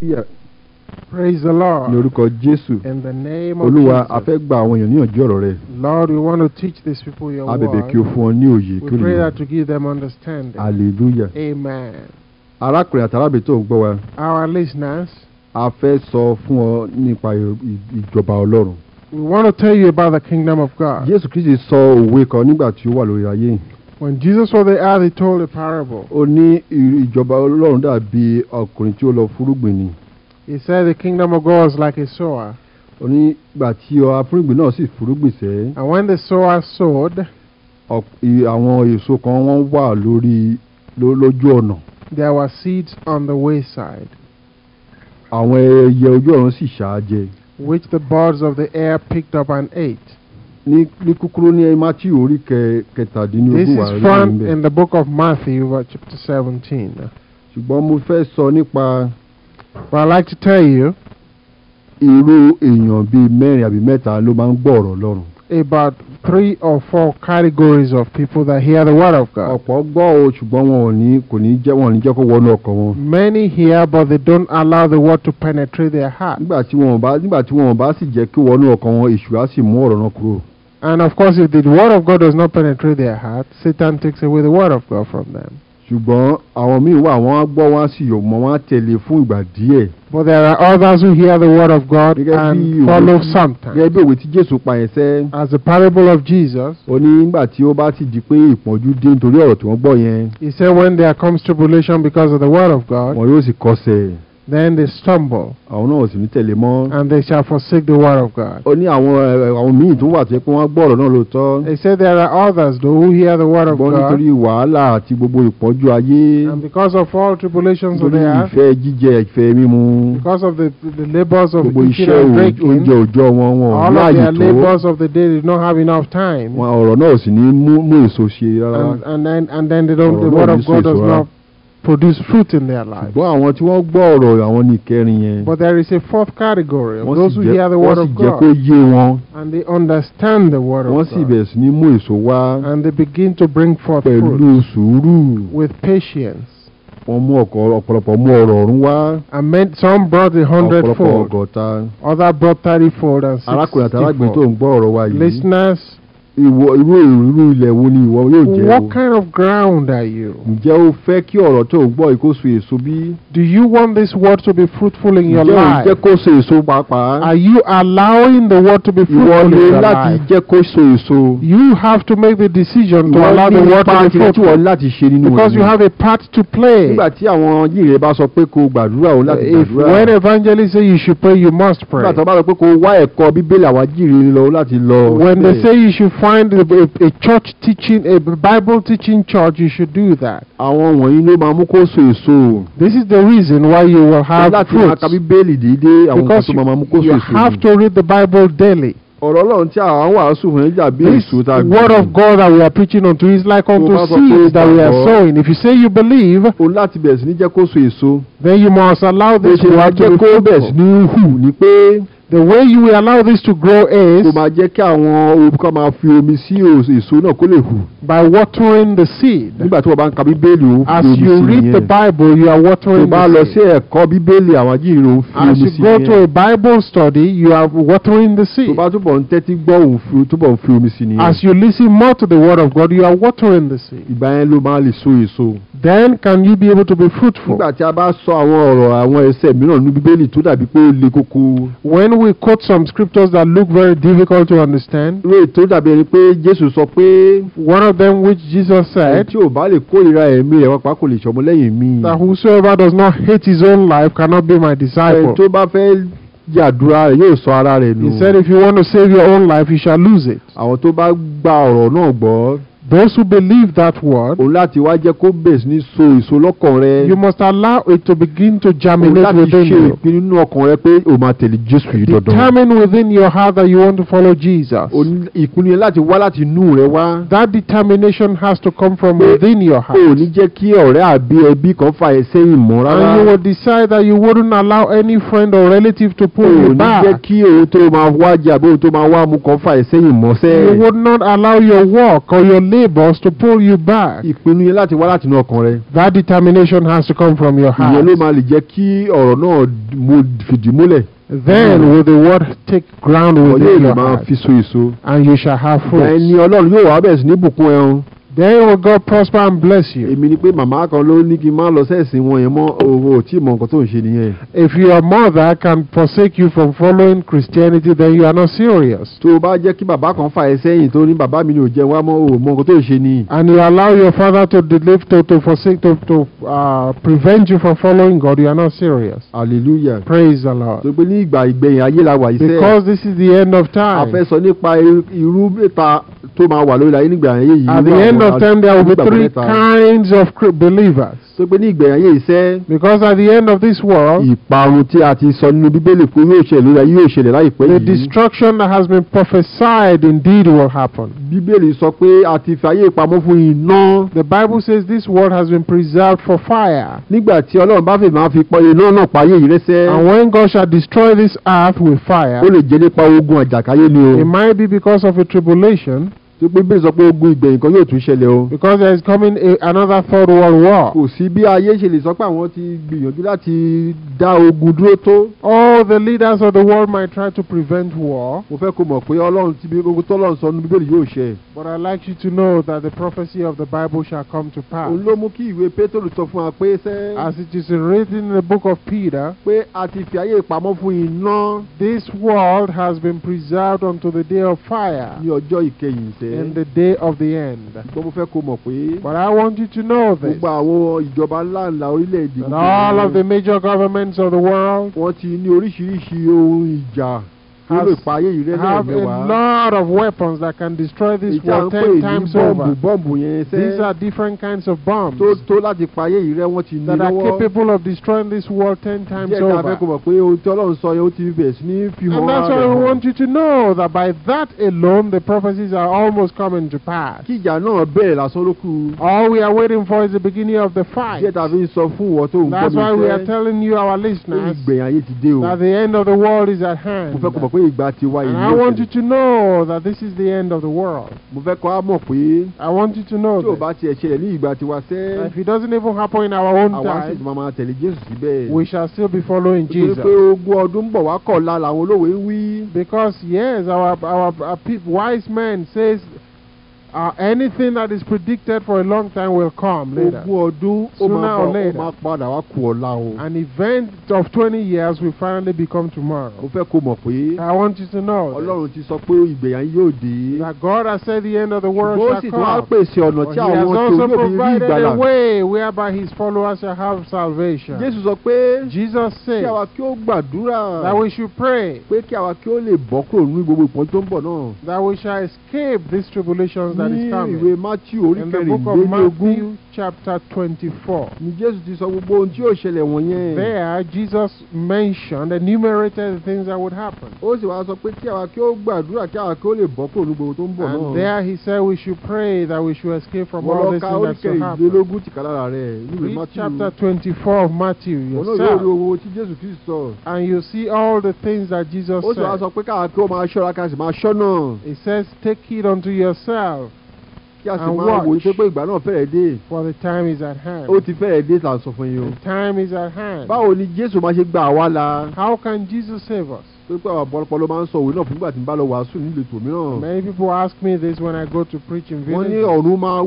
here. Praise the Lord. In the name of Jesus. Olúwa Lord, we want to teach these people your word. We pray that to give them understanding. Hallelujah. Amen. Our listeners. A fẹ́ We want to tell you about the kingdom of God. Christ is sọ weak, on you but you are when Jesus was there, he told a parable. He said the kingdom of God is like a sower. And when the sower sowed. There were seeds on the wayside. Which the birds of the air picked up and ate this is found in the book of Matthew uh, chapter seventeen. ṣùgbọ́n mo fẹ́ sọ nípa. but I'd like to tell you. irú èèyàn bíi mẹ́rin àbí mẹ́ta ló about three or four categories of people that hear the word of God. ọ̀pọ̀ gbọ́ o ṣùgbọ́n wọn ò ní many hear but they don't allow the word to penetrate their heart. nígbà tí wọn bá sì jẹ́ kí wọnú ọkàn sì mú ọ̀rọ̀ and of course, if the word of God does not penetrate their heart, Satan takes away the word of God from them. but there are others who hear the word of God and follow sometimes. as the parable of Jesus. he said when there comes tribulation because of the word of God. then they stumble. àwọn náà sì ní tẹ̀lé mọ́. and they shall forsake the word of God. ó ní àwọn àwọn míì tó wà tó yẹ pé wọ́n gbọ́ ọ̀rọ̀ náà lóòótọ́. they say there are others though who hear the word of God. gbọ́n nítorí wàhálà àti gbogbo ìpọ́njú ayé. and because of all tribulations of the earth. nítorí ìfẹ́ jíjẹ ìfẹ́ mímu. because of the the labours of gbogbo iṣẹ́ oúnjẹ òòjọ́ wọn wọn láàyè tó. all of their labours of the day did not have enough time. wọn ọ̀rọ̀ náà sì ní mú èso ṣe rárá. and and then and then they don't the word of God does not. produce fruit in their life. but there is a fourth category of those who hear the word of God. and they understand the word of God. and they begin to bring forth fruit. with patience. and some brought a hundred fold. other brought thirty fold and sixty listeners what kind of ground are you? do you want this word to be fruitful in your life? are you allowing the word to be fruitful in your life? you have to make the decision to allow the word to be fruitful. in your life because you have a part to play. nígbà if when evangelist say you should pray you must pray. when they say you should find a, a, a church teaching, a Bible teaching church, you should do that. This is the reason why you will have fruit. tó Because you, you have to read the Bible daily. This a word of God that we are preaching unto is like unto seeds that we are sowing if you say you believe. then you must allow this word to be fruitful the way you will allow this to grow is. by watering the seed. as you read the bible you are watering the seed. as you go to a bible study you are watering the seed. as you listen more to the word of God you are watering the seed then can you be able to be fruitful. when we quote some scriptures that look very difficult to understand. one of them which Jesus said. that whosoever does not hate his own life cannot be my disciple. he said if you want to save your own life you shall lose it. Those who believe that word. wá jẹ́ kó ní so lọ́kàn rẹ. You must allow it to begin to germinate within you. O ṣe ìpinnu nínú ọkàn rẹ pé o tẹ̀lé Jésù dandan. Determine within your heart that you want to follow Jesus. ìpinnu yẹn láti wá láti inú rẹ wá. That determination has to come from within your heart. O ní jẹ́ kí ọ̀rẹ́ àbí ẹbí kan fà mọ́ rárá. And you will decide that you wouldn't allow any friend or relative to pull you back. O ní jẹ́ kí tó wá jẹ àbí tó wá mu kan fà mọ́ You would not allow your work or your labours to pull you back. ìpinnu yẹn láti wá láti inú ọkàn rẹ. that determination has to come from your heart. ìyẹn ló máa lè jẹ́ kí ọ̀rọ̀ náà fìdí múlẹ̀. then hmm. will the word take ground within your heart. ọ̀yẹ́ ìlú máa fi so èso. and you shall have fruit. ẹni ọlọ́run yóò wá bẹ̀rẹ̀ sí ní bùkún ẹ̀hún. Then will God prosper and bless you. Èmi ni pé màmá kan ló ní kí n má lọ sẹ́ẹ̀sìn wọn yẹn If your mother can forsake you from following Christianity then you are not serious. Tó bá jẹ́ kí bàbá kan fà ẹ́ sẹ́yìn tó ní bàbá mi ni ò jẹ́ wá mọ́ And you allow your father to delay to to forsake to to uh, prevent you from following God you are not serious. Hallelujah. Praise the Lord. Because this is the end of time tó at the end of time there will be three kinds of believers. because at the end of this world. the destruction that has been prophesied indeed will happen. the bible says this world has been preserved for fire. and when God shall destroy this earth with fire. it might be because of a tribulation tí pé bí sọ pé ogun ìgbẹ̀yìn kan yóò tún ṣẹlẹ̀ o. because there is coming a, another third world war. kò sí bí ayé ṣe lè sọ pé àwọn ti gbìyànjú láti dá ogun dúró tó. all the leaders of the world might try to prevent war. mo fẹ́ kó mọ̀ pé ọlọ́run ti gbogbo tọ́lọ́run sọ bíbélì yóò ṣe. but I'd like you to know that the prophecy of the Bible shall come to pass. òun ló mú kí ìwé pétérù sọ fún wa pé sẹ́. as it is written in the book of Peter. pé a ti fi ayé ìpamọ́ fún iná. this world has been preserved unto the day of fire. ní ọjọ́ ìkẹyìn sẹ́. In the day of the end. ṣùgbọ́n mo fẹ́ kó mọ̀ pé. but I want you to know this. gbogbo àwọn ìjọba ńlá ńlá orílẹ̀-èdè. and all of the major governments of the world. wọ́n ti ní oríṣiríṣi ohun ìjà. has, have a lot of weapons that can destroy this world ten times over. These are different kinds of bombs that are capable of destroying this world ten times over. And that's why we want you to know that by that alone the prophecies are almost coming to pass. All we are waiting for is the beginning of the fight. That's why we are telling you, our listeners, that the end of the world is at hand ìgbà ti wá ìlú òkèlè. and I want you to know that this is the end of the world. mo fẹ́ kọ́ á mọ̀ pé. I want you to know that tí o bá ní ìgbà sẹ́. if it doesn't even happen in our own time. àwa sì máa máa tẹ̀lé Jésù síbẹ̀. we shall still be following Jesus. pé ogún ọdún bọ̀ wá kọ̀ la làwọn olówó ń wí. because yes our our, our wise men says. Uh, anything that is predicted for a long time will come later. Sooner or later. An event of 20 years will finally become tomorrow. I want you to know that God has said the end of the world shall come. he has also provided a way whereby his followers shall have salvation. Jesus said that we should pray that we shall escape these tribulations that is coming. ìwé Matthew in the book of Matthew chapter twenty-four. there Jesus mentioned enumerated things that would happen. and there he said we should pray that we should escape from all these things that shall happen. read chapter twenty-four of Matthew yourself. and you see all the things that Jesus said. he says take heed unto yourself for the time is at hand. the time is at hand. how can Jesus save us? many people ask me this when I go to preach in villages. wọ́n ní ọ̀run máa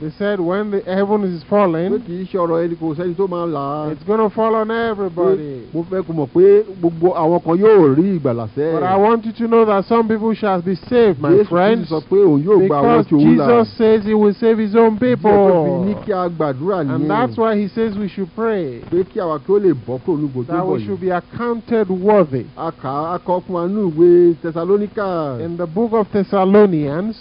they said when the heaven is falling. it's gonna fall on everybody. but I want you to know that some people shall be saved my friends. because Jesus says he will save his own people. and that's why he says we should pray. that we should be accounted worthy fún wa ìwé Thessalonica. in the book of Thessalonians.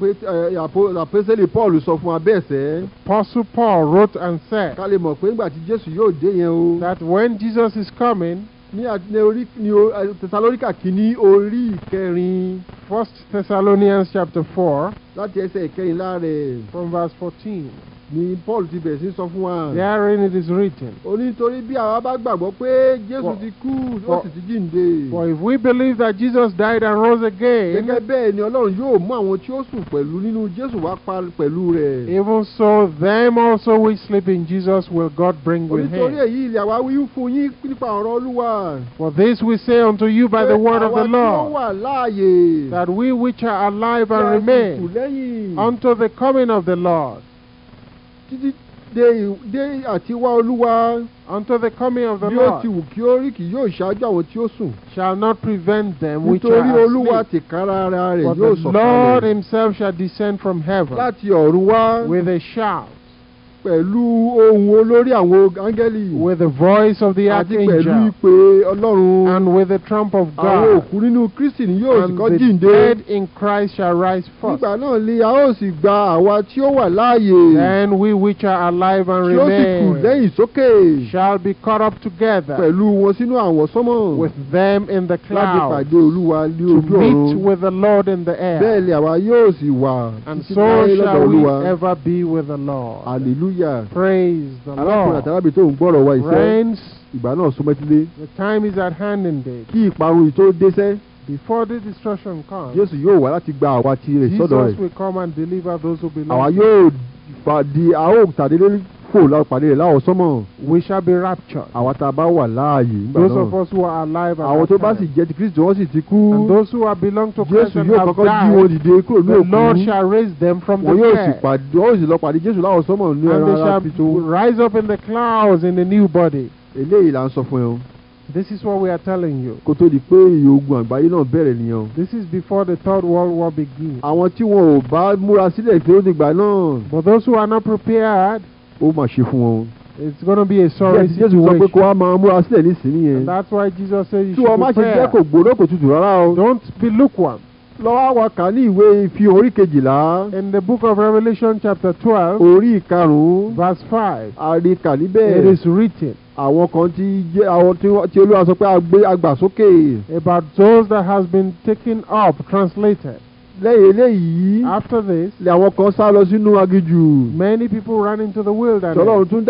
Àpèsèlè eh, Paul sọ fún wa bẹ́ẹ̀ sẹ́. Apostle Paul wrote and said. mọ̀ pé nígbà tí Jésù yóò dé yẹn o. That when Jesus is coming. Ní orí ní eh, Thessalonica kìíní orí ìkẹrin. First Thessalonians chapter four. Láti ẹsẹ̀ ìkẹyìnlá rẹ̀. From verse fourteen ni Paul ti bẹ̀rẹ̀ sí sọ fún wa. Therein it is written. ó ní torí bí àwa bá gbàgbọ́ pé Jésù ti kú ó sì ti jíǹde. For if we believe that Jesus died and rose again. gẹ́gẹ́ bẹ́ẹ̀ ni Ọlọ́run yóò mú àwọn tí ó sùn pẹ̀lú nínú Jésù wá pa pẹ̀lú rẹ̀. Even so them also which sleep in Jesus will God bring with him. onítorí èyí ilẹ̀ àwa wí fún yín nípa ọ̀rọ̀ Olúwa. For this we say unto you by the word of the Lord. That we which are alive and remain unto the coming of the Lord títí olúwa. until the coming of the Lord. ti wù kí kì tí ó sùn. shall not prevent them which are nítorí olúwa ara rẹ̀ the Lord himself shall descend from heaven. láti ọ̀run with a shout pẹ̀lú ohùn olórí àwọn áńgẹ́lì. with the voice of the archangel. àti pẹ̀lú ìpè ọlọ́run. and with the trump of God. àwọn òkú nínú Kristi ni yóò sì kọ́ jíǹde. and the dead in Christ shall rise first. nígbà náà ni a ó sì gba àwa tí ó wà láàyè. then we which are alive and remain. tí ó sì kù lẹ́yìn sókè. shall be caught up together. pẹ̀lú wọn sínú àwọsánmọ̀. with them in the cloud. láti pàdé olúwa ní ojú ọ̀run. to meet with the Lord in the air. bẹ́ẹ̀ ni àwa yóò sì wà. and so shall we ever be with the Lord. hallelujah hallelujah. praise the lord. friends. the time is at hand indeed. Before the destruction comes, Jesus will come and deliver those who belong. Àwa yóò kò láwọn pàdé rẹ̀ láwọn sọ́mọ̀. we shall be raptured. àwa tá a bá wà láàyè. those of us who are alive àwọn tó bá sì jẹ́ ti Kristi wọ́n sì ti kú. and those who are belong to Christ and have died. Jésù yóò kọ́kọ́ jí wọn dìde kúrò ní òkú. the Lord shall raise them from the dead. wọ́n yóò sì lọ pàdé Jésù láwọn sọ́mọ̀ ní ara fi tó. and they shall rise up in the clouds in a new body. eléyìí là ń sọ fún ẹ o. This is what we are telling you. Kó tó di pé iye ogun àgbáyé náà bẹ̀rẹ̀ nìyẹn. This is before the third world war begins. Àwọn tí wọn ò bá múra sílẹ̀ pé ó dìgbà náà. But those who are not prepared ó mà ṣe fún wọn. it's gonna be a sorry yes, situation. jésù sọ pé kó a máa múra sílẹ̀ nísìnyí yẹn. and that's why Jesus said you should prepare. tí wọ́n má ṣe jẹ́ kó gbóná kó tutù rárá o. don't be lukewarm. lọ́wọ́ wa kà ní ìwé ìfi orí kejìlá. in the book of Revelation chapter twelve. orí ìkarùn-ún. verse five. àríkà níbẹ̀. it is written àwọn kan tí jẹ́ àwọn tí olúwa sọ pé agbàsókè. about those that has been taken up translated. after this. many people ran into the wilderness. bo and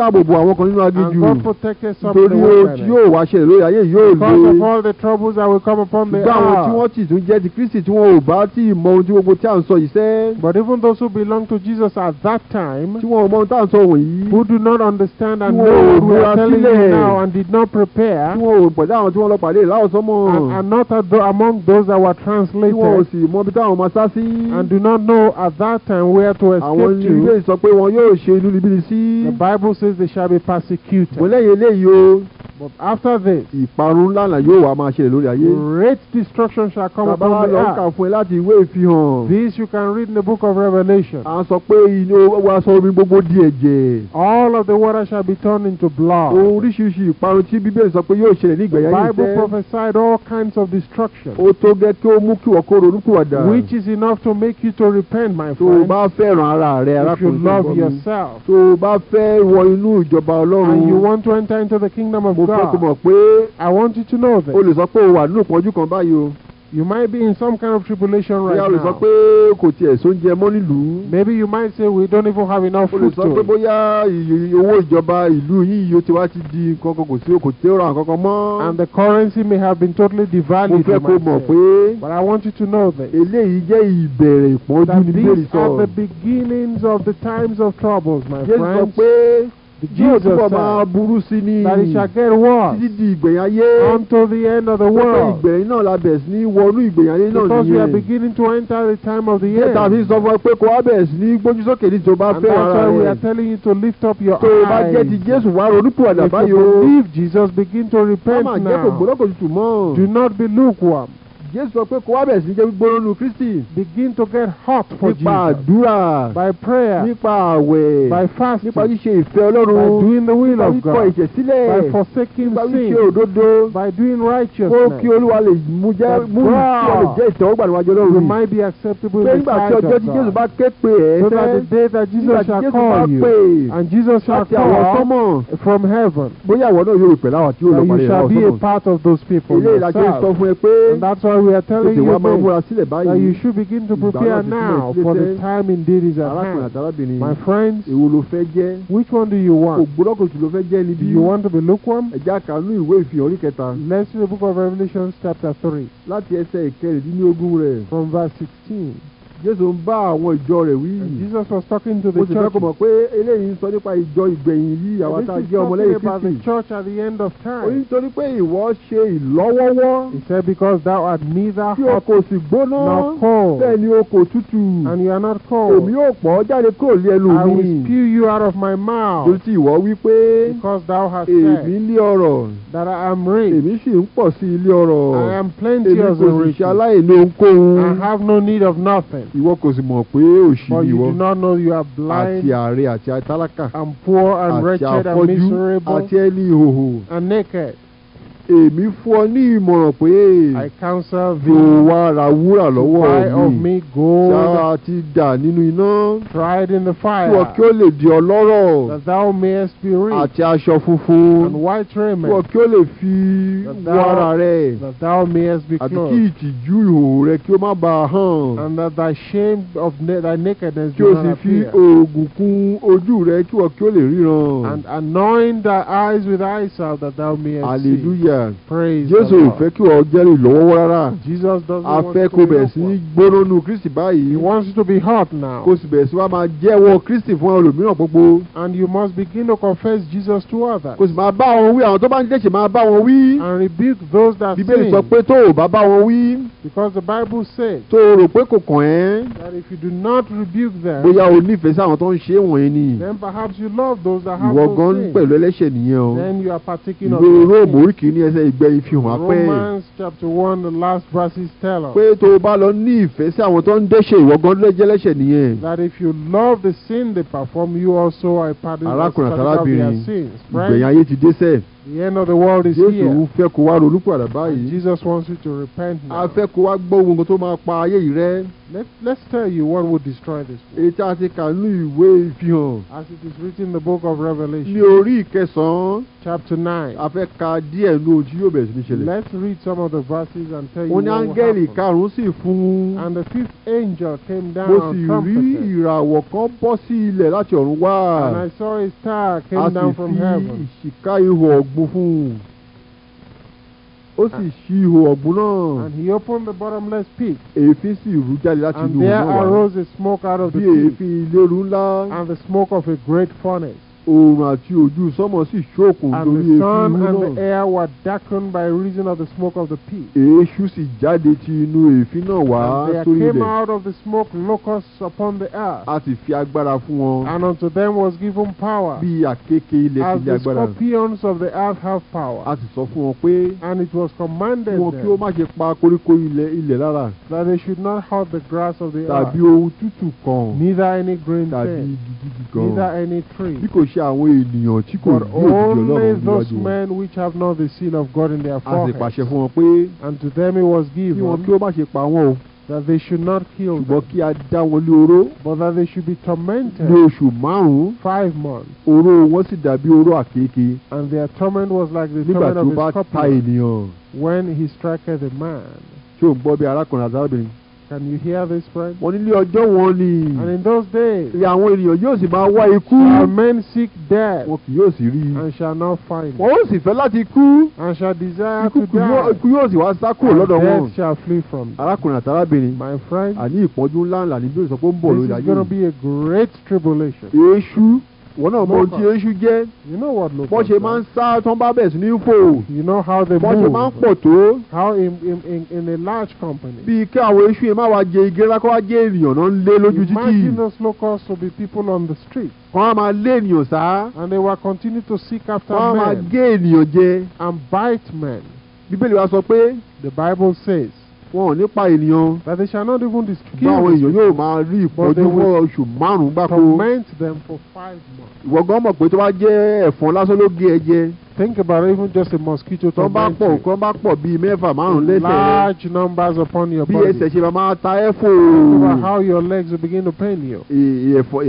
God protected some of the because of all the troubles that will come upon the earth. but even those who belong to Jesus at that time. who do not understand and know what we are telling you now and did not prepare. and not among those that were translated. sá sí. and do not know at that time where to escape to. àwọn ìwé ìsọ pé wọn yóò ṣe inú níbí sí. the bible says they shall be persecuted. wọ́n lẹ́yìn eléyìí o. But after this, ìparun ńlá náà yóò wá máa ṣẹlẹ̀ lórí ayé. Great destruction shall come upon the earth. fún ẹ láti ìwé ìfihàn. This you can read in the book of Revelation. ń sọ omi gbogbo di ẹ̀jẹ̀. All of the water shall be turned into blood. Oríṣiríṣi ìparun tí Bíbélì sọ pé yóò ṣẹlẹ̀ ní ìgbẹ̀yà yìí The Bible prophesied all kinds of destruction. Ó tó gẹ́ kí ó mú kí wọ́n kó Which is enough to make you to repent, my friend. Tó o bá fẹ́ràn ara rẹ arákùnrin tó love yourself. Tó o bá fẹ́ wọ inú ìjọba Ọlọ́run. And you want to enter into the kingdom of God. pé kó mọ̀ pé I want you to know that. o lè sọ pé o wà nínú ìpọ́njú kan báyìí o. You might be in some kind of tribulation right now. Bí a lè sọ pé kò tiẹ̀ sóúnjẹ mọ́ nílùú. Maybe you might say we don't even have enough food to. O lè sọ pé bóyá owó ìjọba ìlú yìí yóò ti wá ti di kankan kò sí kò ó ra kankan mọ́. And the currency may have been totally devalued. Mo fẹ́ kó mọ̀ pé. But I want you to know that. Eléyìí jẹ́ ìbẹ̀rẹ̀ ìpọ́njú ní bẹ́ẹ̀ sọ. That these are the beginnings of the times of troubles, my friends. Jésù sọ pé yóò túbọ̀ máa burú sí ní títí di ìgbẹ̀yìn ayé until the end of the world pẹ̀lú ìgbẹ̀yìn náà la bẹ̀rẹ̀ sí ní wọnú ìgbẹ̀yìn náà nìyẹn because we are beginning to enter the time of the end. tàbí sọ fún ẹ pé kó wá bẹ̀rẹ̀ sí ní gbójú sókè ní tó fẹ́ ara rẹ and that's why we are telling you to lift up your eyes. tó o bá jẹ́ ti Jésù wá ronúpù àdàbáyò. if you believe Jesus begin to repent now. má máa jẹ́ kò gbọ́dọ̀ kò tutù mọ́. do not be lukewarm. Jesus, sọ pé kó wá bẹ̀rẹ̀ jẹ́ gbígbóná nu Kristi. Begin to get hot for Jesus. Nípa àdúrà. By prayer. Nípa àwẹ̀. By fasting. Nípa ṣíṣe ìfẹ́ Ọlọ́run. By doing the will of God. Nípa ikọ̀ ìṣẹ̀sílẹ̀. By forsaking sin. Nípa ṣíṣe òdodo. By doing righteousness. Kó kí Olúwa lè mú jẹ́ mú kí Olúwa lè jẹ́ ìtẹ́wọ́gbà níwájú Ọlọ́run. You might be acceptable in the sight of God. Pé nígbà tí ọjọ́ tí Jésù bá ké pe ẹ̀ ẹ́ fẹ́. So that the day that Jesus shall call you. And Jesus shall call from heaven. Bóyá ìwọ náà yóò rò pẹ̀lú àwọn tí yóò lọ pàdé ìlà ọ̀sán. You shall be a part of those people Ilé ìdájọ́ sọ fún ẹ pé. And that's why So we are telling you this, that you should begin to prepare now for the time indeed is at hand. My friends, which one do you want? Do you want to be lukewarm? Let's read the book of Revelation chapter 3 from verse 16. jesus was talking to the church. about the church at the end of time. he said because thou art neither hot nor cold. and you are not cold. i will spew you out of my mouth. because thou hast said. that I am rich. I am rich. I have no need of nothing ìwọ kò sì mọ̀ pé òṣì ni ìwọ àti àárẹ̀ àti tálákà àti afọ́jú àti ẹni ìhòhò èmi fún ọ ní ìmọ̀ràn pé. I counsel thee. yóò wá ra wúrà lọ́wọ́ mi. buy of me gold. sára ti dà nínú iná. tried in the fire. kí ó lè di ọlọ́rọ̀. thou mayest be rich. àti aṣọ funfun. and white raiment. kí ó lè fi wọ rẹ̀. thou mayest be clothed. àti kí ìtìjú ìhòòhò rẹ kí ó má bàa hàn. and that thy kí o sì fi oògùn kún ojú rẹ kí ó lè ríran. and anoint thy eyes with eyesight that thou mayest see. hallelujah. hallelujah. praise Jésù ò fẹ́ kí wọ́n jẹ́rìí lọ́wọ́wọ́ rárá. Jesus doesn't a fẹ́ kó bẹ̀rẹ̀ sí ní gbónónú Kristi báyìí. wants to be hot now. kó sì bẹ̀rẹ̀ sí wá máa jẹ́wọ́ Kristi fún ẹlòmíràn gbogbo. and you must begin to confess Jesus to others. kó sì máa bá wọn wí àwọn tó bá ń dẹ̀ṣẹ̀ máa bá wọn wí. and rebuke those that sin. bíbélì sọ pé tó o bá bá wọn wí. because the Bible says. tó o rò pé kò kàn ẹ́. that if you do not rebuke them. bóyá o nífẹ̀ẹ́ sí àwọn tó ń ṣe wọ̀nyẹn ni. then perhaps you love those that have those ìwọ gan pẹ̀lú ẹlẹ́ṣẹ̀ nìyẹn o. then you are partaking of ìwé Róòmù orí kìíní ẹ ẹsẹ̀ ìgbẹ̀yìn fi pé. Romans chapter one the last verses tell us. pé tó o bá lọ ní ìfẹ́ sí àwọn tó ń dẹ́ṣẹ̀ ìwọ gan ló jẹ́ lẹ́ṣẹ̀ nìyẹn. that if you love the sin they perform you also I pardon you for of sins. arákùnrin àtàlábìnrin ìgbẹ̀yìn ayé ti dé sẹ́ẹ̀. The end of the world is here. Jésù Jesus wants you to repent now. Let, let's tell you what will destroy this world. As it is written in the book of Revelation. Chapter nine. ṣẹlẹ̀. Let's read some of the verses and tell you what will And the fifth angel came down and trumpeted. And I saw a star came down from heaven ọ̀gbun fún un. ó sì ah. ṣí ihò náà. and he opened the bottomless pit. èéfín sì rú jáde láti inú òun náà. and there arose a smoke out of the pit. bí èéfín ilé ńlá. and the smoke of a great furnace oòrùn àti ojú sọmọ sì lórí náà. and the sun and the air were darkened by reason of the smoke of the pit. èéṣú sì jáde ti inú èéfín náà wá sórí ilẹ̀. and there came out of the smoke locusts upon the earth. a sì fi agbára fún wọn. and unto them was given power. bí ilẹ̀ agbára. as the scorpions of the earth have power. a sì sọ fún wọn pé. and it was commanded them. wọn kí ó má ṣe pa koríko ilẹ̀ ilẹ̀ lára. that they should not hurt the grass of the earth. tàbí ohun tútù kan. neither any green thing. tàbí igi gidi kan. neither any tree. bí kò ṣe àwọn ènìyàn tí kò rí òjijì ọlọ́run níwájú wọn. but those men which have not the seal of God in their foreheads. a pàṣẹ fún wọn pé. and to them it was given. kí wọn kí ó má ṣe pa wọn o. that they should not kill them. ṣùgbọ́n kí a dá wọn ní oró. but that they should be tormented. ní oṣù márùn-ún. five months. oró wọn sì dàbí oró àkekèé. and their torment was like the torment of a scorpion. nígbà tó bá ta ènìyàn. when he struck the man. ṣé o ń gbọ́ bí arákùnrin àti arábìnrin. Can you hear this friend? Wọ́n nílé ọjọ́ wọn ni. And in those days. Ìyá àwọn ènìyàn yóò sì máa wá ikú. Shall men seek death? Wọn kì yóò sì rí i. And shall not find. Wọn ó sì fẹ́ láti kú. And shall desire to die. Ikú yóò sì wá sá kúrò lọ́dọ̀ wọn. And death shall flee from you. Arákùnrin àtàrábìnrin. My friend. Àní ìpọ́njú ńláńlá ní bí òṣùpọ̀ ń bọ̀ lórí ayé. This is gonna be a great tribulation. Èṣù. wọn náà mọ ohun tí oṣù jẹ́ bọ́n ṣe máa ń sá tán bá bẹ̀ sí ní fò bọ́n ṣe máa ń pọ̀ tó. how in in in in a large company. bíi kí àwọn oṣù yẹn má wá jẹ igé lákọ́ wá jẹ ènìyàn náà ń lé lójú títì. imagine us locals to be people on the street. wọ́n á máa lé ènìyàn sá. and they will continue to seek after men. wọ́n á máa gé ènìyàn jẹ. and bite men. bíbélì wa sọ pé. the bible says. wọn ò ní pa ènìyàn. that they shall not even destroy. kí àwọn èèyàn yóò máa rí ìpọ́njú fún oṣù márùn-ún gbáko. torment them for five months. ìwọ gan mọ̀ pé tó bá jẹ́ ẹ̀fọn lásán ló gé ẹ jẹ think about it, even just a mosquito tó bá pọ̀ tó bá pọ̀ bíi mẹ́fà márùn lẹ́sẹ̀ rẹ large numbers upon your body bí ẹsẹ̀ ṣe máa ta ẹ́ fò. how your legs will begin to pain you. ẹ̀fọ́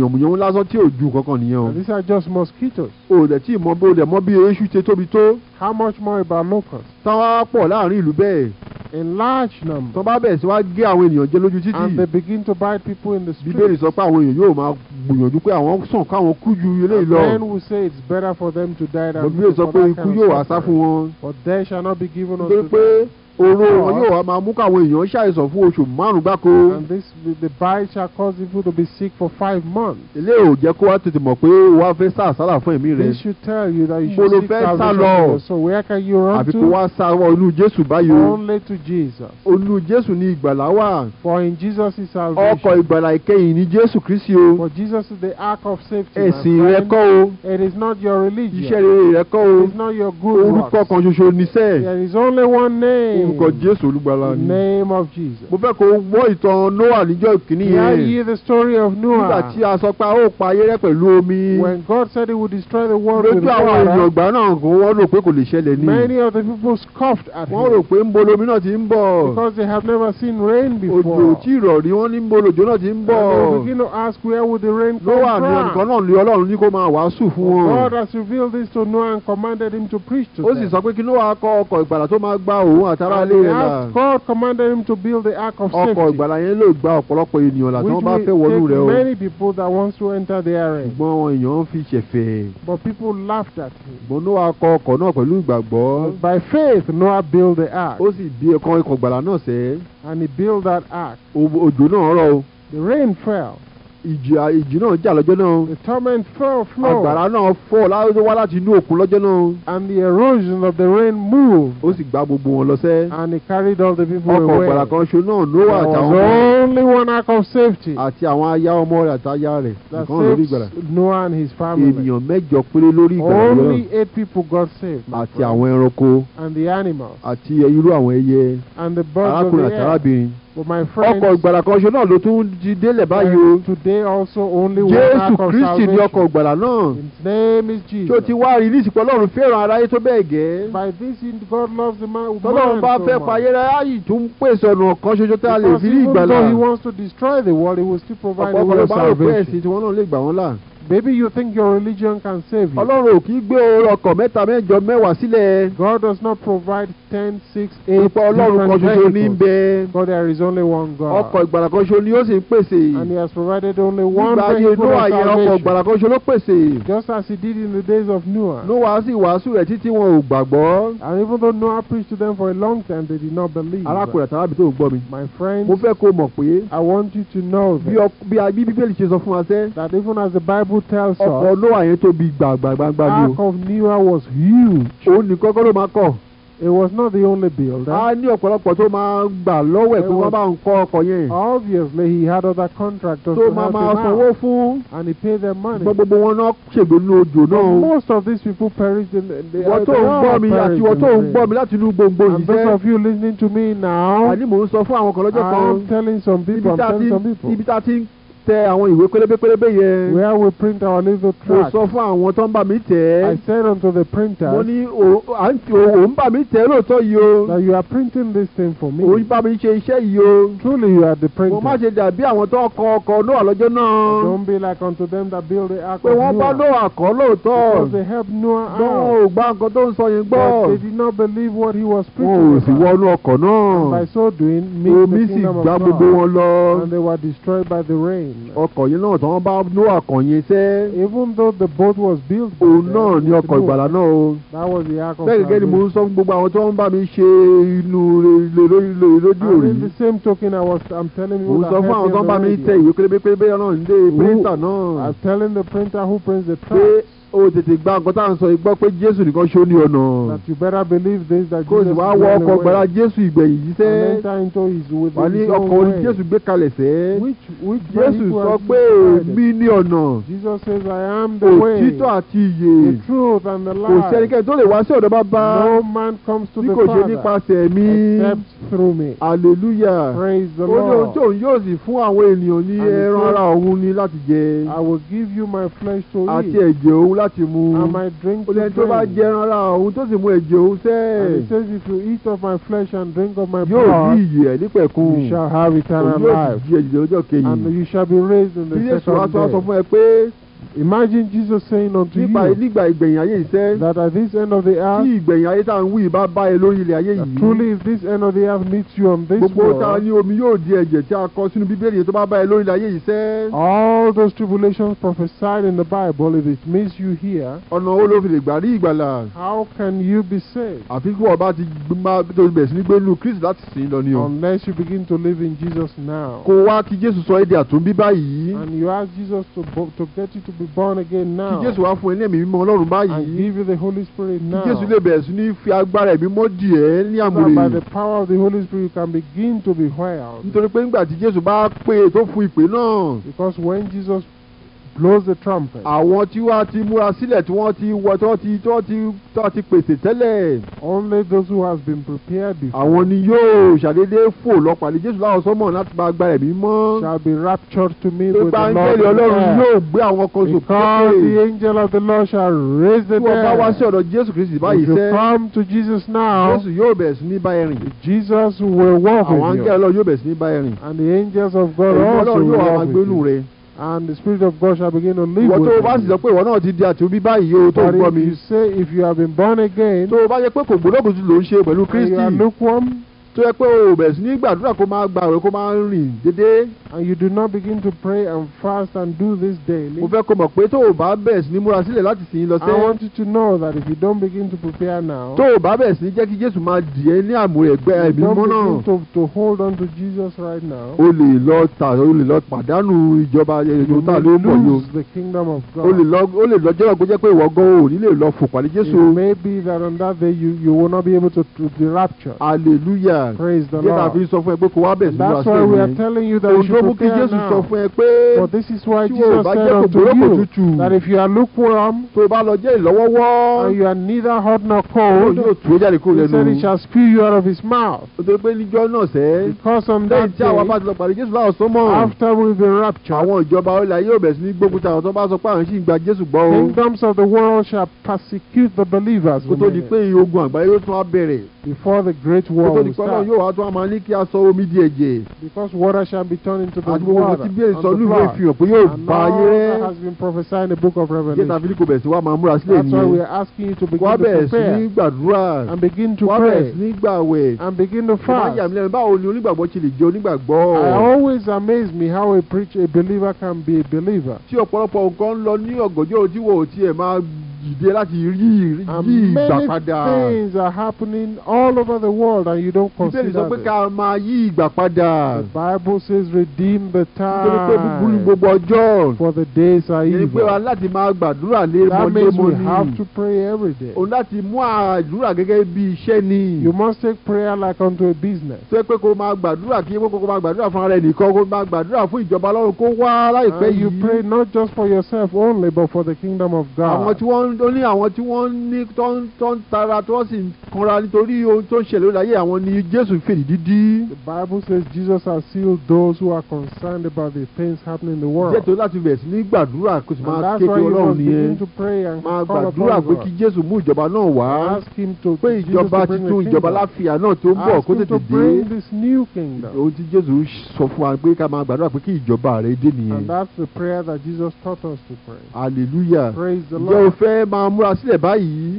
yànmùyànmù lásán tí ò ju kankan nìyẹn o. these are just mosquitoes. o dẹ̀ tí mọ bó dẹ̀ mọ bí eéṣù ṣe tóbi tó. how much more about locusts. táwa pọ̀ láàrin ìlú bẹ́ẹ̀ in large numbers. tó bá bẹ̀rẹ̀ sí wá gé àwọn ènìyàn jẹ lójú títì. and they begin to buy people in the street. bíbélì sọ pé àwọn èèyàn yóò máa gbìyànjú pé àwọn sàn káwọn kú ju eléyìí lọ. men will say it's better for them to die than to suffer that kind of bíbélì sọ pé ikú yóò wá sá fún wọn. but death shall not be given unto them owó wọn yóò wá máa mú káwọn èèyàn ṣàìsàn fún oṣù márùn gbáko. and this the bite shall cause people to be sick for five months. ilé ò jẹ́ kó wá tètè mọ̀ pé wá fẹ́ sá fún ẹ̀mí rẹ̀. they should tell you that you should seek salvation for so where can you run to. àbí wá sá olú Jésù báyìí. only to Jesus. olú Jésù ni ìgbàlá wà. for in Jesus is salvation. ọkọ̀ ìgbàlá ìkẹyìn ni Jésù Kristi o. for Jesus is the ark of safety. ẹ̀sìn rẹ kọ́ o. it is not your religion. iṣẹ́ rere rẹ kọ́ o. it is not your good works. orúkọ kan ṣoṣo ni sẹ́ẹ̀. there is only one name orúkọ jésù olùgbàlà ni. name of jesus. mo fẹ́ kó gbọ́ ìtàn noah níjọ́ ìkíní yẹn. hear the story of noah. nígbà tí a sọ pé a ó pa ayé rẹ́ pẹ̀lú omi. when God said he would destroy the world lójú àwọn èèyàn ìgbà náà kò wọ́n rò pé kò lè ṣẹlẹ̀ ní. many of the people scoffed at him. wọ́n rò pé ń bo náà ti ń bọ̀. because they have never seen rain before. òjò tí ìrọ̀rí wọ́n ní ń bo náà ti ń bọ̀. they begin to ask where would the rain come from. noah ni ọ̀nìkan náà lé ọlọ́run ní kó máa wàásù fún wọn. God has revealed this to Noah and commanded him to preach to them. ó sì sọ pé kí noah kọ́ ọkọ̀ ìgbàlà tó máa gba òun àtàrà He asked God commanded him to build the ark of safety. Ọkọ̀ ìgbàlà yẹn lè gba ọ̀pọ̀lọpọ̀ ènìyàn là tí wọ́n bá fẹ́ wọnú rẹ̀ o. Which will take many people that want to enter the area. Ṣùgbọ́n àwọn èèyàn fi ṣẹ̀fẹ̀. But people laughed at him. But Noah kọ́ ọkọ̀ náà pẹ̀lú ìgbàgbọ́. By faith Noah built the ark. Ó sì bí ẹ̀kọ́ ìkọ̀ náà sẹ́. And he built that ark. Òjò náà rọ̀ o. The rain fell ìjì ìjì náà jà lọ́jọ́ náà. the torment fell flow. àgbàrá náà fọ́ láti wá láti inú òkun lọ́jọ́ náà. and the erosion of the rain moved. ó sì gba gbogbo wọn lọ sẹ́. and he carried all the people away. ọkọ̀ ọ̀gbàrà kan ṣo náà ló wà àtàwọn there was only one act of safety. àti àwọn aya ọmọ rẹ̀ àti aya rẹ̀. that saved Noah and his family. ènìyàn mẹ́jọ péré lórí ìgbàlá yẹn. only eight people got saved. àti àwọn ẹranko. and the animals. àti irú àwọn ẹyẹ. and the birds of the air. arákùnrin àti arábìnrin. But my friends, ọkọ̀ ìgbàlà kan ṣe náà ló tún jí délẹ̀ báyìí o. Today also only one act of salvation. Jésù Kristi ni ọkọ̀ ìgbàlà náà. His name is Jesus. Tó ti wá rí ní ìsìnkú fẹ́ràn aráyé tó bẹ́ẹ̀ gẹ́. By this God loves the man who so man so much. Tọ́lọ́run bá fẹ́ fayé ráyè tó ń pèsè ọ̀nà kan ṣoṣo tá a lè fi rí ìgbàlà. Because even though he wants to destroy the world, he will still provide a way of salvation. ẹ̀sìn tí wọ́n náà lè gbà wọ́n là. Maybe you think your religion can save you. Ọlọ́run ò kì í gbé ọkọ̀ mẹ́ta mẹ́jọ mẹ́wàá sílẹ̀. God does not provide ten six eight different vehicles. Ọlọ́run kan ṣoṣo ní bẹ́ẹ̀. But there is only one God. Ọkọ̀ ìgbàlà kan ṣoṣo ni ó sì ń pèsè. And he has provided only one vehicle for salvation. Ìgbà yẹn Noah yẹn ọkọ̀ ìgbàlà kan ṣoṣo ló pèsè. Just as he did in the days of Noah. Noah sì wàásù rẹ̀ títí wọn ò gbàgbọ́. And even though Noah preached to them for a long time they did not believe. Arákùnrin àtàlábì tó gbọ́ mi. My friend. Mo fẹ́ kó mọ̀ pé. I want you to know that. Bí Bíbélì ṣe sọ fún wa sẹ́. That even as the Bible Bible tells us. ọkọ̀ Noah yẹn tóbi gbàgbàgbàgbà ni o. ark of Noah was huge. òun nìkan kọ́ máa kọ́. It was not the only builder. a ní ọ̀pọ̀lọpọ̀ tó máa ń gbà lọ́wọ́ ẹ̀ pé wọ́n bá ń kọ́ ọkọ̀ yẹn. obviously he had other contractors to help him out. tó máa máa sanwó fún. and he paid them money. gbọ́ gbogbo wọn náà ṣègbè ní òjò náà. most of these people perished in the. wọ́n tó ń gbọ́ mi àti wọ́n tó ń gbọ́ mi láti inú gbogbo yìí. and those of you listening to me now. I am telling some people. I am telling some people. ibi tẹ àwọn ìwé pélébépélébé yẹn. where we print our little tract. mo sọ fún àwọn tó ń bá mi tẹ̀. I said unto the printer. mo ní o à ń tí o ń bá mi tẹ̀ lóòótọ́ yìí o. that you are printing this thing for me. o bá mi ṣe iṣẹ́ yìí o. truly you are the printer. mo má ṣe dàbí àwọn tó kọ ọkọ̀ Noah lọ́jọ́ náà. don't be like unto them that build the ark pé wọ́n bá Noah kọ́ lóòótọ́. because they helped Noah out. wọn ò gbà nǹkan tó ń sọ yẹn gbọ́. but they did not believe what he was preaching. wọn ò sì wọnú ọkọ̀ náà. and by so doing and they were destroyed by the rain ọkọ̀ yìí náà tí wọ́n bá Noah kàn sẹ́. even though the boat was built. òun náà ni ọkọ̀ ìgbàlá náà o. that was the ark of the. bẹ́ẹ̀ gẹ́gẹ́ ni mo ń sọ gbogbo àwọn tí wọ́n ń bá mi ṣe inú rédíò rí. in the same token I was I'm telling you. mo sọ fún àwọn tí wọ́n bá mi tẹ ìwé pélébépélébé náà ń dé náà. I'm telling the printer who prints the track o tètè gba nǹkan tá à ń sọ ìgbọ́ pé jésù nìkan ṣó ní ọ̀nà. that you better believe this that Jesus is the only way. kó o sì wá wọ ọkọ̀ gbára jésù ìgbẹ̀yìn yìí sẹ́. and enter into his way. wà ní ọkọ̀ orí jésù gbé kalẹ̀ sẹ́. which which jésù sọ pé èmi ní ọ̀nà. Jesus says I am the way. òtítọ́ àti ìyè. the truth and the life. kò sẹ́nikẹ́ni tó lè wá sí ọ̀dọ̀ bàbá. no man comes to the father. bí ṣe nípasẹ̀ mi. except through me. hallelujah. praise the Lord. ó ní ohun tí òun yóò sì fún àwọn I will give you my flesh to eat láti mu. and my drink to drink. olè tó bá jẹ ẹran ara òun tó sì mu ẹ̀jẹ̀ òun sẹ́. and he says if you eat of my flesh and drink of my blood. yóò bí ìyè ẹ̀ nípẹ̀kun. you shall have eternal life. òun yóò di ẹ̀jẹ̀ lọ́jọ́ kejì. and you shall be raised in the second day. bí Jésù wá sọ fún ẹ pé. Imagine Jesus saying unto you that at this end of the earth, truly if this end of the earth meets you on this world, all those tribulations prophesied in the Bible, if it meets you here, how can you be saved? Unless you begin to live in Jesus now. And you ask Jesus to, to get you to to be born again now. kí Jésù wá fún ẹ ẹ̀mí mímọ́ Ọlọ́run báyìí. and give you the Holy Spirit now. kí Jésù lè bẹ̀rẹ̀ sí ní fi agbára ẹ̀mí mọ́ dì ní àmúre. so by the power of the Holy Spirit you can begin to be wild. nítorí pé nígbà tí Jésù bá pè tó fún ìpè náà. because when Jesus blows the trumpet. àwọn tí wọ́n ti múra sílẹ̀ tí wọ́n ti wọ tí wọ́n ti tí wọ́n ti tí wọ́n ti pèsè tẹ́lẹ̀. only those who has been prepared before. àwọn ni yóò ṣàdédé fò lọ́pàá ní Jésù láwọn sọ́mọ̀ láti máa gba ẹ̀mí mọ́. shall be raptured to me with the Lord. pé gbàǹgẹ̀lì Ọlọ́run yóò gbé àwọn kan sókè. because the angel of the Lord shall raise the dead. tí wọ́n bá wá sí ọ̀dọ̀ Jésù Kristi báyìí sẹ́. if you come to Jesus now. Jésù yóò bẹ̀rẹ̀ sí ní bá rìn. Jesus will walk with you. àwọn angẹ́lì Ọlọ́run yóò bẹ̀rẹ̀ sí ní bá rìn. and the angels of God also will walk with you and the spirit of God shall begin to live with you. ìwọ tó o bá sì sọ pé ìwọ náà ti di àtúnbí báyìí o tó gbọ́ mi. but if you say if you have been born again. tó o bá yẹ pé kò gbólógùn ló ń ṣe pẹ̀lú Kristi. and you are lukewarm tó yẹ pé o bẹ̀rẹ̀ sí ní gbàdúrà kó máa gbàwé kó máa rìn dédé. and you do not begin to pray and fast and do this daily. mo fẹ́ kó mọ̀ pé tó o bá bẹ̀rẹ̀ sí ní múra sílẹ̀ láti sìn lọ sẹ́yìn. I want you to know that if you don't begin to prepare now. tó o bá bẹ̀rẹ̀ sí ní jẹ́ kí Jésù máa dì ẹ́ ní àmú ẹ̀gbẹ́ ẹ̀mí mọ́ náà. you don't begin to to hold on to Jesus right now. o lè lọ ta o lè lọ pàdánù ìjọba yorùbá ló ń bọ̀ o. lose the kingdom of God. o lè lọ o gbọ́jẹ́ pé ìwọ gan o ní lè lọ fòpàdé Jésù. it may be that on that day you you will not be able to to be raptured. hallelujah. Hallelujah. Praise the Lord. Yẹ́n àfi sọ fún ẹ pé kò wá bẹ̀rẹ̀ sí ní That's why we are telling you that you should prepare now. Òǹdóbùkún Jésù sọ fún ẹ pé. But this is why Jesus said unto you that if you are lukewarm. Tó o bá lọ jẹ́ ìlọ́wọ́wọ́. and you are neither hot nor cold. Yóò tú jáde kúrò lẹ́nu. He said he shall spew you out of his mouth. O tó pé níjọ́ náà sẹ́. Because on that day. Lẹ́yìn tí àwọn bá ti lọ pàdé Jésù láwọn sọ́mọ̀. After we been raptured. Àwọn ìjọba ọ̀la yóò bẹ̀rẹ̀ sí ní gbógun tàwọn tó bá sọ of the world shall persecute the believers. before the great war will start. yóò wá tún ní kí a sọ omi di ẹ̀jẹ̀. because water shall be turned into the water the àti gbogbo ti bí èso pé yóò bá ayé and now that has been prophesied in the book of Revelation. kò wa máa múra sílẹ̀ that's why we are asking you to begin to prepare. wá sí gbàdúrà. and begin to pray. wá sí gbàwẹ̀. and begin to fast. mi lẹ́nu báwo ni onígbàgbọ́ ti lè jẹ́ onígbàgbọ́. I always amaze me how a preacher a believer can be a believer. tí ọ̀pọ̀lọpọ̀ nǹkan lọ ní tiẹ̀ máa láti rí and many things are happening all over the world and you don't consider them. ìbéèrè sọ pé ká máa yí the bible says redeem the time. pé búburú gbogbo ọjọ́. for the days are evil. èyí pé wa láti máa gbàdúrà lé mọ́lẹ́mọ́lẹ́. that means we have to pray every day. òun láti mú àdúrà gẹ́gẹ́ bí iṣẹ́ ni. you must take prayer like unto a business. sọ pé kó máa gbàdúrà kí kó máa gbàdúrà fún ara kó máa gbàdúrà fún ìjọba kó wá láìpẹ́ yìí. and you pray not just for yourself only but for the kingdom of God. àwọn tí wọ́n ó ní àwọn tí wọ́n ní tó ń tara tó sì kanra nítorí ohun tó ń ṣẹlẹ̀ lórí ayé àwọn ni Jésù fèdí dídí. The Bible says Jesus has healed those who are concerned about the things happening in the world. Jẹ́ tó láti bẹ̀rẹ̀ sí ní gbàdúrà kó sì máa kékeré Ọlọ́run nìyẹn. Máa gbàdúrà pé kí Jésù mú ìjọba náà wá. Pé ìjọba titun ìjọba láfíà náà tó ń bọ̀ kó tètè dé. Ohun tí Jésù sọ fún wa pé ká máa gbàdúrà pé kí ìjọba rẹ̀ dé nìyẹn. And that's the prayer that Jesus taught us to pray. Hallelujah. Praise the Lord. fẹ́ máa múra sílẹ̀ báyìí.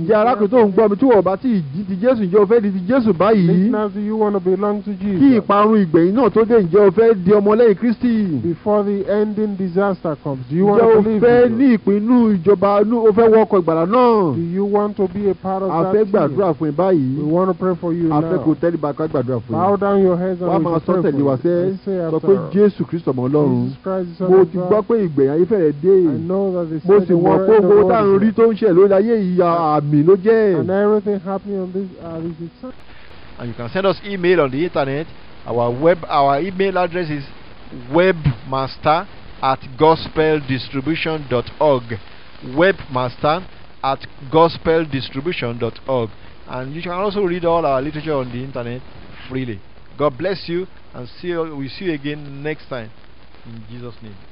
ǹjẹ́ arákùnrin tó ń gbọ́ mi tí wọ́n bá ti di jésù ǹjẹ́ o fẹ́ di jésù báyìí. do you want to belong to Jesus. kí ìparun ìgbẹ̀yìn náà tó dé ǹjẹ́ o fẹ́ di ọmọlẹ́yìn kristi. before the ending disaster comes do you want to believe in it. ǹjẹ́ o fẹ́ ní ìpinnu ìjọba o fẹ́ wọ ọkọ̀ ìgbàlá náà. do you want to be a part of that team. a fẹ́ gbàdúrà fún ẹ báyìí. we want to pray for you now. a fẹ́ kó tẹ́lẹ̀ bá a ká gbàdúrà fún ẹ. bow down your heads and we pray for you. wàá máa sọ tẹ̀lé wa sẹ́ sọ pé jésù kristu ọmọ ọlọ́run gbogbo tá ń rí tó ń ṣe lórí yìí àmì ló jẹ́. and everything happening on this earth uh, and you can send us email on the internet our web our email address is webmaster at gospeldistribution.org webmaster at gospeldistribution.org and you can also read all our literature on the internet freely god bless you and see you, we see you again next time in jesus name